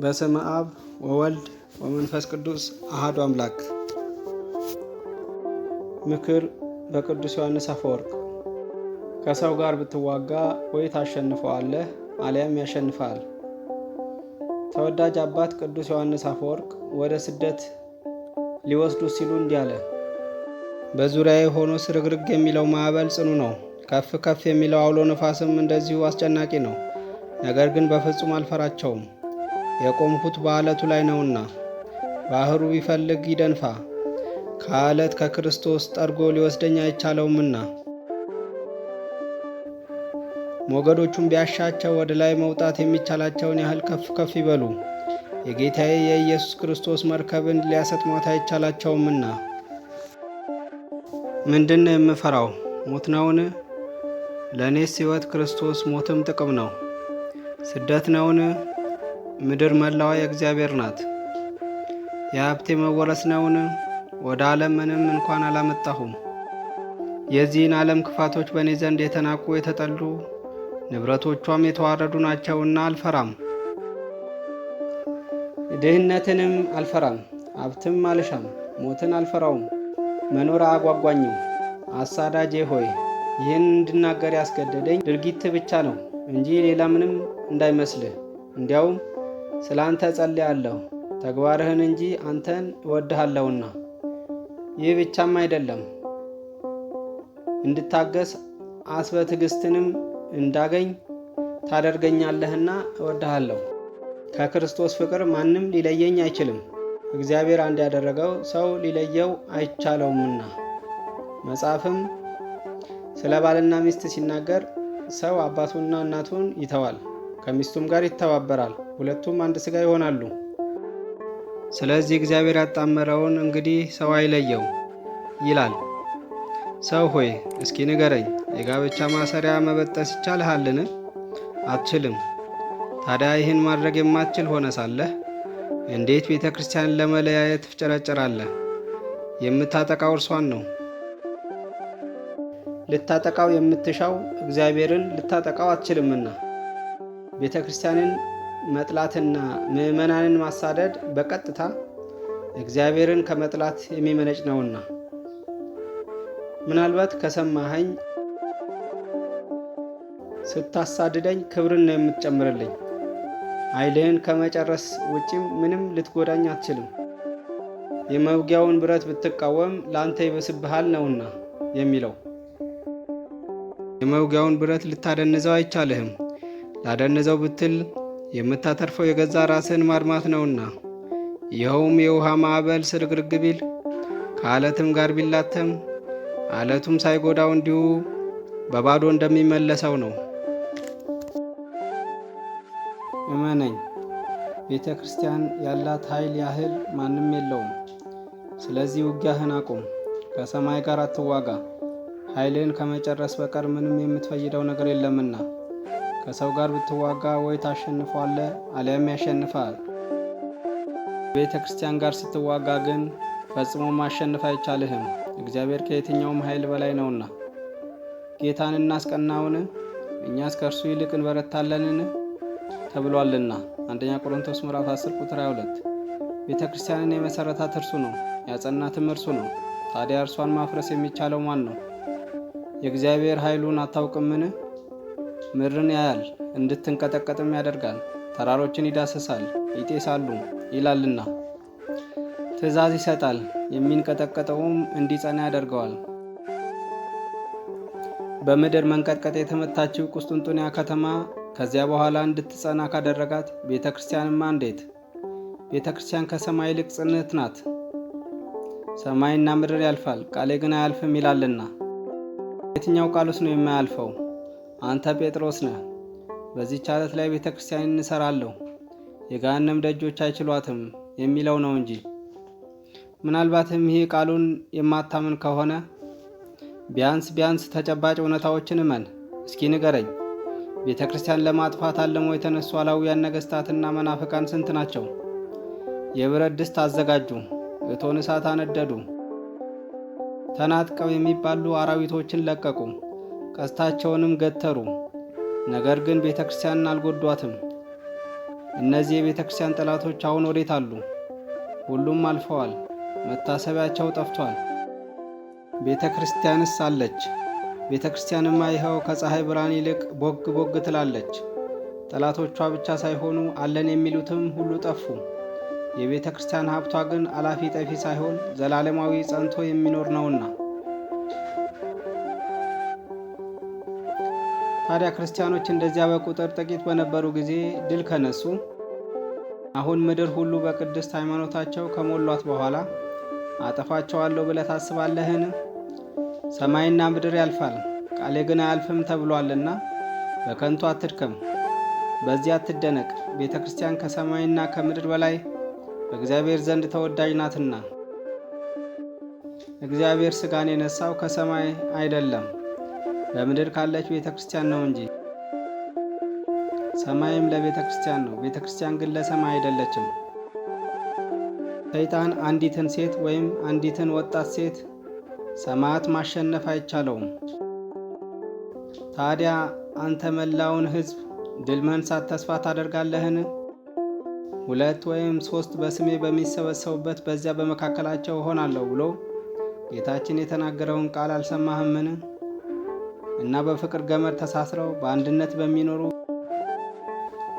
በስመ አብ ወወልድ ወመንፈስ ቅዱስ አህዱ አምላክ። ምክር በቅዱስ ዮሐንስ አፈወርቅ። ከሰው ጋር ብትዋጋ ወይ ታሸንፈዋለህ አሊያም ያሸንፋል። ተወዳጅ አባት ቅዱስ ዮሐንስ አፈወርቅ ወደ ስደት ሊወስዱ ሲሉ እንዲህ አለ። በዙሪያ ሆኖ ስርግርግ የሚለው ማዕበል ጽኑ ነው። ከፍ ከፍ የሚለው አውሎ ነፋስም እንደዚሁ አስጨናቂ ነው። ነገር ግን በፍጹም አልፈራቸውም የቆምሁት በዓለቱ ላይ ነውና ባህሩ ቢፈልግ ይደንፋ፣ ከዓለት ከክርስቶስ ጠርጎ ሊወስደኝ አይቻለውምና። ሞገዶቹን ቢያሻቸው ወደ ላይ መውጣት የሚቻላቸውን ያህል ከፍ ከፍ ይበሉ፣ የጌታዬ የኢየሱስ ክርስቶስ መርከብን ሊያሰጥሟት አይቻላቸውምና። ምንድን ነው የምፈራው? ሞት ነውን? ለእኔስ ሕይወት ክርስቶስ ሞትም ጥቅም ነው። ስደት ነውን? ምድር መላዋ የእግዚአብሔር ናት። የሀብቴ መወረስ ነውን? ወደ ዓለም ምንም እንኳን አላመጣሁም። የዚህን ዓለም ክፋቶች በእኔ ዘንድ የተናቁ የተጠሉ ንብረቶቿም የተዋረዱ ናቸውና አልፈራም። ድህነትንም አልፈራም፣ ሀብትም አልሻም፣ ሞትን አልፈራውም፣ መኖር አያጓጓኝም። አሳዳጄ ሆይ ይህን እንድናገር ያስገደደኝ ድርጊት ብቻ ነው እንጂ ሌላ ምንም እንዳይመስልህ። እንዲያውም ስለ አንተ ጸልያለሁ፣ ተግባርህን እንጂ አንተን እወድሃለሁና። ይህ ብቻም አይደለም፣ እንድታገስ አስበ ትዕግስትንም እንዳገኝ ታደርገኛለህና እወድሃለሁ። ከክርስቶስ ፍቅር ማንም ሊለየኝ አይችልም፣ እግዚአብሔር አንድ ያደረገው ሰው ሊለየው አይቻለውምና። መጽሐፍም ስለ ባልና ሚስት ሲናገር ሰው አባቱንና እናቱን ይተዋል ከሚስቱም ጋር ይተባበራል፣ ሁለቱም አንድ ሥጋ ይሆናሉ። ስለዚህ እግዚአብሔር ያጣመረውን እንግዲህ ሰው አይለየው ይላል። ሰው ሆይ እስኪ ንገረኝ፣ የጋብቻ ማሰሪያ መበጠስ ይቻልሃልን? አትችልም። ታዲያ ይህን ማድረግ የማትችል ሆነ ሳለህ እንዴት ቤተ ክርስቲያን ለመለያየት ትፍጨረጨራለህ? የምታጠቃው እርሷን ነው። ልታጠቃው የምትሻው እግዚአብሔርን ልታጠቃው አትችልምና ቤተ ክርስቲያንን መጥላትና ምዕመናንን ማሳደድ በቀጥታ እግዚአብሔርን ከመጥላት የሚመነጭ ነውና ምናልባት ከሰማኸኝ ስታሳድደኝ ክብርን ነው የምትጨምርልኝ። ኃይልህን ከመጨረስ ውጪም ምንም ልትጎዳኝ አትችልም። የመውጊያውን ብረት ብትቃወም ለአንተ ይበስብሃል ነውና የሚለው የመውጊያውን ብረት ልታደንዘው አይቻልህም። ላደንዘው ብትል የምታተርፈው የገዛ ራስህን ማድማት ነውና፣ ይኸውም የውሃ ማዕበል ስርግርግ ቢል ከአለትም ጋር ቢላተም አለቱም ሳይጎዳው እንዲሁ በባዶ እንደሚመለሰው ነው። እመነኝ፣ ቤተ ክርስቲያን ያላት ኃይል ያህል ማንም የለውም። ስለዚህ ውጊያህን አቁም፣ ከሰማይ ጋር አትዋጋ። ኃይልህን ከመጨረስ በቀር ምንም የምትፈይደው ነገር የለምና ከሰው ጋር ብትዋጋ ወይ ታሸንፏለ አሊያም ያሸንፋል። ቤተ ክርስቲያን ጋር ስትዋጋ ግን ፈጽሞ ማሸንፍ አይቻልህም፣ እግዚአብሔር ከየትኛውም ኃይል በላይ ነውና። ጌታን እናስቀናውን እኛስ ከእርሱ ይልቅ እንበረታለንን ተብሏልና አንደኛ ቆሮንቶስ ምዕራፍ 10 ቁጥር 22። ቤተ ክርስቲያንን የመሰረታት እርሱ ነው፣ ያጸናትም እርሱ ነው። ታዲያ እርሷን ማፍረስ የሚቻለው ማን ነው? የእግዚአብሔር ኃይሉን አታውቅምን? ምድርን ያያል እንድትንቀጠቀጥም ያደርጋል፣ ተራሮችን ይዳስሳል ይጤሳሉ ይላልና ትእዛዝ ይሰጣል፣ የሚንቀጠቀጠውም እንዲጸና ያደርገዋል። በምድር መንቀጥቀጥ የተመታችው ቁስጥንጥንያ ከተማ ከዚያ በኋላ እንድትጸና ካደረጋት ቤተ ክርስቲያንማ እንዴት! ቤተ ክርስቲያን ከሰማይ ይልቅ ጽንት ናት። ሰማይና ምድር ያልፋል ቃሌ ግን አያልፍም ይላልና የትኛው ቃሉስ ነው የማያልፈው? አንተ ጴጥሮስ ነህ፣ በዚህች አለት ላይ ቤተ ክርስቲያን እንሰራለሁ፣ የገሃነም ደጆች አይችሏትም የሚለው ነው እንጂ። ምናልባትም ይህ ቃሉን የማታምን ከሆነ ቢያንስ ቢያንስ ተጨባጭ እውነታዎችን እመን። እስኪ ንገረኝ፣ ቤተ ክርስቲያን ለማጥፋት አልሞ የተነሱ አላውያን ነገሥታትና መናፍቃን ስንት ናቸው? የብረት ድስት አዘጋጁ፣ እቶን እሳት አነደዱ፣ ተናጥቀው የሚባሉ አራዊቶችን ለቀቁ። ቀስታቸውንም ገተሩ። ነገር ግን ቤተ ክርስቲያንን አልጎዷትም። እነዚህ የቤተ ክርስቲያን ጠላቶች አሁን ወዴት አሉ? ሁሉም አልፈዋል፣ መታሰቢያቸው ጠፍቷል። ቤተ ክርስቲያንስ አለች። ቤተ ክርስቲያንማ ይኸው ከፀሐይ ብርሃን ይልቅ ቦግ ቦግ ትላለች። ጠላቶቿ ብቻ ሳይሆኑ አለን የሚሉትም ሁሉ ጠፉ። የቤተ ክርስቲያን ሀብቷ ግን አላፊ ጠፊ ሳይሆን ዘላለማዊ ጸንቶ የሚኖር ነውና ታዲያ ክርስቲያኖች እንደዚያ በቁጥር ጥቂት በነበሩ ጊዜ ድል ከነሱ አሁን ምድር ሁሉ በቅድስት ሃይማኖታቸው ከሞሏት በኋላ አጠፋቸዋለሁ ብለህ ታስባለህን? ሰማይና ምድር ያልፋል ቃሌ ግን አያልፍም ተብሏልና በከንቱ አትድከም፣ በዚያ አትደነቅ። ቤተ ክርስቲያን ከሰማይና ከምድር በላይ በእግዚአብሔር ዘንድ ተወዳጅ ናትና። እግዚአብሔር ሥጋን የነሳው ከሰማይ አይደለም በምድር ካለች ቤተ ክርስቲያን ነው እንጂ። ሰማይም ለቤተ ክርስቲያን ነው፣ ቤተ ክርስቲያን ግን ለሰማይ አይደለችም። ሰይጣን አንዲትን ሴት ወይም አንዲትን ወጣት ሴት ሰማዕት ማሸነፍ አይቻለውም። ታዲያ አንተ መላውን ሕዝብ ድል መንሳት ተስፋ ታደርጋለህን? ሁለት ወይም ሦስት በስሜ በሚሰበሰቡበት በዚያ በመካከላቸው እሆናለሁ ብሎ ጌታችን የተናገረውን ቃል አልሰማህምን? እና በፍቅር ገመድ ተሳስረው በአንድነት በሚኖሩ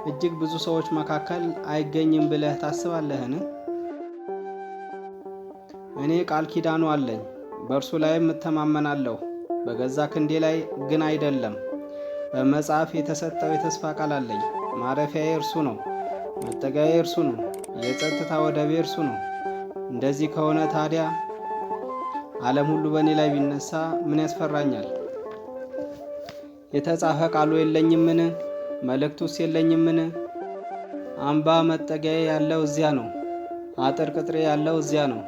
እጅግ ብዙ ሰዎች መካከል አይገኝም ብለህ ታስባለህን? እኔ ቃል ኪዳኑ አለኝ፣ በእርሱ ላይም እተማመናለሁ። በገዛ ክንዴ ላይ ግን አይደለም። በመጽሐፍ የተሰጠው የተስፋ ቃል አለኝ። ማረፊያዬ እርሱ ነው፣ መጠጊያዬ እርሱ ነው፣ የጸጥታ ወደቤ እርሱ ነው። እንደዚህ ከሆነ ታዲያ ዓለም ሁሉ በእኔ ላይ ቢነሳ ምን ያስፈራኛል? የተጻፈ ቃሉ የለኝምን? መልእክቱስ የለኝምን? አምባ መጠጊያ ያለው እዚያ ነው፣ አጥር ቅጥሬ ያለው እዚያ ነው።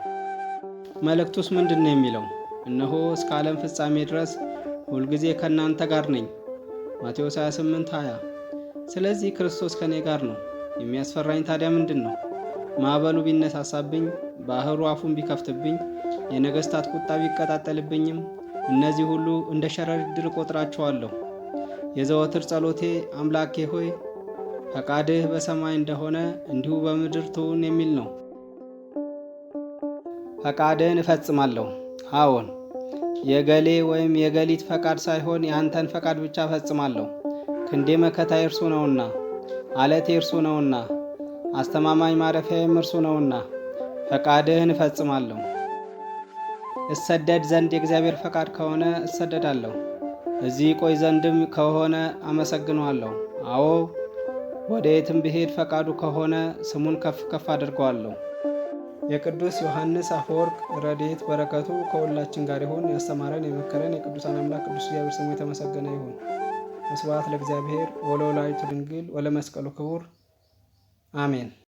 መልእክቱስ ምንድን ነው የሚለው? እነሆ እስከ ዓለም ፍጻሜ ድረስ ሁልጊዜ ከእናንተ ጋር ነኝ። ማቴዎስ 28 20 ስለዚህ ክርስቶስ ከእኔ ጋር ነው። የሚያስፈራኝ ታዲያ ምንድን ነው? ማዕበሉ ቢነሳሳብኝ፣ ባህሩ አፉን ቢከፍትብኝ፣ የነገሥታት ቁጣ ቢቀጣጠልብኝም እነዚህ ሁሉ እንደ ሸረሪት ድር የዘወትር ጸሎቴ አምላኬ ሆይ ፈቃድህ በሰማይ እንደሆነ እንዲሁ በምድር ትሁን የሚል ነው። ፈቃድህን እፈጽማለሁ። አዎን የገሌ ወይም የገሊት ፈቃድ ሳይሆን የአንተን ፈቃድ ብቻ እፈጽማለሁ። ክንዴ መከታ እርሱ ነውና፣ አለቴ እርሱ ነውና፣ አስተማማኝ ማረፊያዬም እርሱ ነውና ፈቃድህን እፈጽማለሁ። እሰደድ ዘንድ የእግዚአብሔር ፈቃድ ከሆነ እሰደዳለሁ። እዚህ ቆይ ዘንድም ከሆነ አመሰግነዋለሁ። አዎ ወደየትም ብሄድ ፈቃዱ ከሆነ ስሙን ከፍ ከፍ አድርገዋለሁ። የቅዱስ ዮሐንስ አፈወርቅ ረድኤት በረከቱ ከሁላችን ጋር ይሁን። ያስተማረን የመከረን የቅዱሳን አምላክ ቅዱስ እግዚአብሔር ስሙ የተመሰገነ ይሁን። መስዋዕት ለእግዚአብሔር ወለወላዲቱ ድንግል ወለመስቀሉ ክቡር አሜን።